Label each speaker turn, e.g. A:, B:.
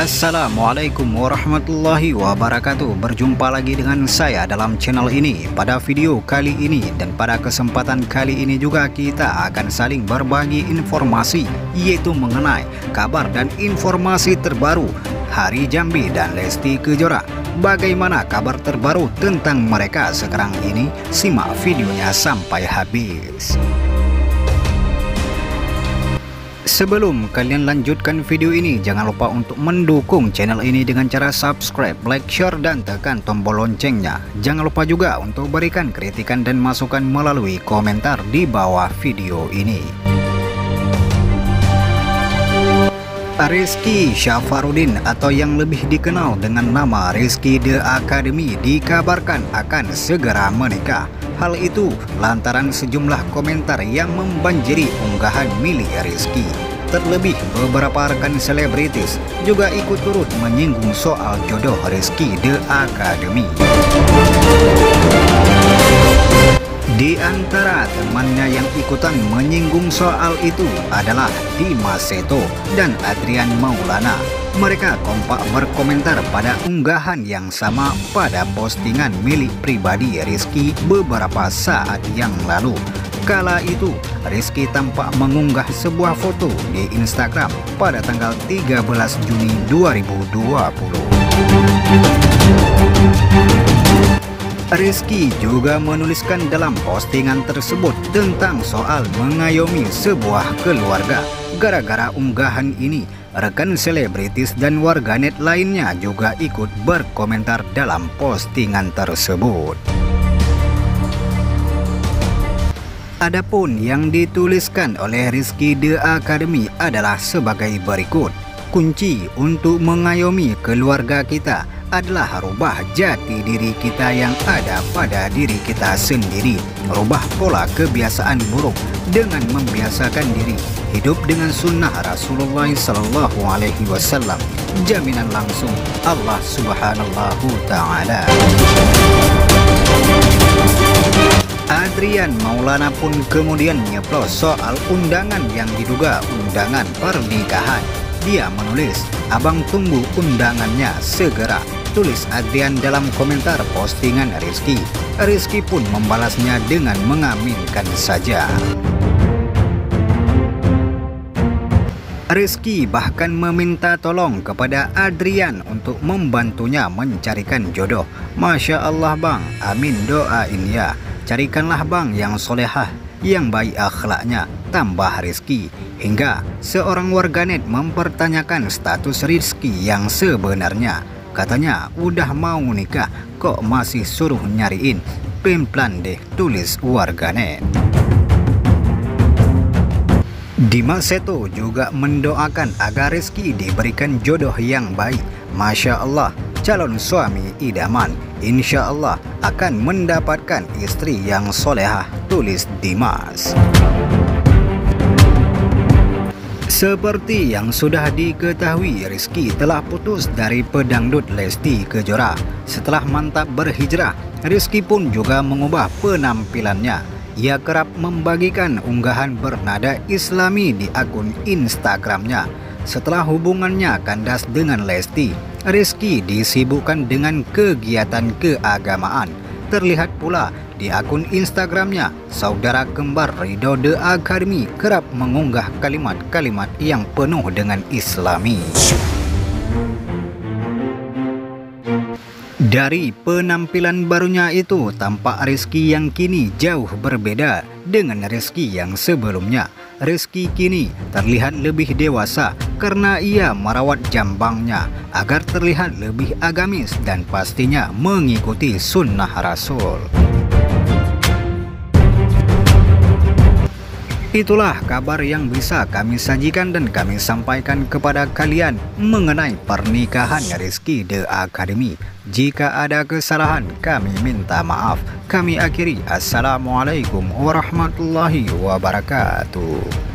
A: Assalamualaikum warahmatullahi wabarakatuh Berjumpa lagi dengan saya dalam channel ini Pada video kali ini dan pada kesempatan kali ini juga kita akan saling berbagi informasi Yaitu mengenai kabar dan informasi terbaru Hari Jambi dan Lesti Kejora Bagaimana kabar terbaru tentang mereka sekarang ini? Simak videonya sampai habis Sebelum kalian lanjutkan video ini, jangan lupa untuk mendukung channel ini dengan cara subscribe, like, share, dan tekan tombol loncengnya. Jangan lupa juga untuk berikan kritikan dan masukan melalui komentar di bawah video ini. Rizky Syafarudin atau yang lebih dikenal dengan nama Rizky The Academy dikabarkan akan segera menikah hal itu lantaran sejumlah komentar yang membanjiri unggahan milik Rizky. Terlebih beberapa rekan selebritis juga ikut turut menyinggung soal jodoh Rizky The Academy. Di antara temannya yang ikutan menyinggung soal itu adalah Dimas Seto dan Adrian Maulana. Mereka kompak berkomentar pada unggahan yang sama pada postingan milik pribadi Rizky beberapa saat yang lalu. Kala itu, Rizky tampak mengunggah sebuah foto di Instagram pada tanggal 13 Juni 2020. Rizky juga menuliskan dalam postingan tersebut tentang soal mengayomi sebuah keluarga. Gara-gara unggahan ini, rekan selebritis dan warganet lainnya juga ikut berkomentar dalam postingan tersebut. Adapun yang dituliskan oleh Rizky The Academy adalah sebagai berikut. Kunci untuk mengayomi keluarga kita adalah rubah jati diri kita yang ada pada diri kita sendiri. Rubah pola kebiasaan buruk dengan membiasakan diri hidup dengan sunnah Rasulullah Sallallahu Alaihi Wasallam. Jaminan langsung Allah Subhanahu Taala. Adrian Maulana pun kemudian nyeplos soal undangan yang diduga undangan pernikahan. Dia menulis, abang tunggu undangannya segera tulis Adrian dalam komentar postingan Rizky. Rizky pun membalasnya dengan mengaminkan saja. Rizky bahkan meminta tolong kepada Adrian untuk membantunya mencarikan jodoh. Masya Allah bang, amin doain ya. Carikanlah bang yang solehah, yang baik akhlaknya, tambah Rizky. Hingga seorang warganet mempertanyakan status Rizky yang sebenarnya. Katanya udah mau nikah kok masih suruh nyariin Pemplan deh tulis warganet Dimas Seto juga mendoakan agar Rizky diberikan jodoh yang baik Masya Allah calon suami idaman Insya Allah akan mendapatkan istri yang solehah tulis Dimas seperti yang sudah diketahui, Rizky telah putus dari pedangdut Lesti Kejora. Setelah mantap berhijrah, Rizky pun juga mengubah penampilannya. Ia kerap membagikan unggahan bernada islami di akun Instagramnya. Setelah hubungannya kandas dengan Lesti, Rizky disibukkan dengan kegiatan keagamaan. Terlihat pula di akun Instagramnya, saudara kembar Ridho The Academy kerap mengunggah kalimat-kalimat yang penuh dengan islami. Dari penampilan barunya itu tampak Rizky yang kini jauh berbeda dengan Rizky yang sebelumnya. Rizky kini terlihat lebih dewasa karena ia merawat jambangnya agar terlihat lebih agamis dan pastinya mengikuti sunnah Rasul. Itulah kabar yang bisa kami sajikan dan kami sampaikan kepada kalian mengenai pernikahan Rizky The Academy. Jika ada kesalahan, kami minta maaf. Kami akhiri. Assalamualaikum warahmatullahi wabarakatuh.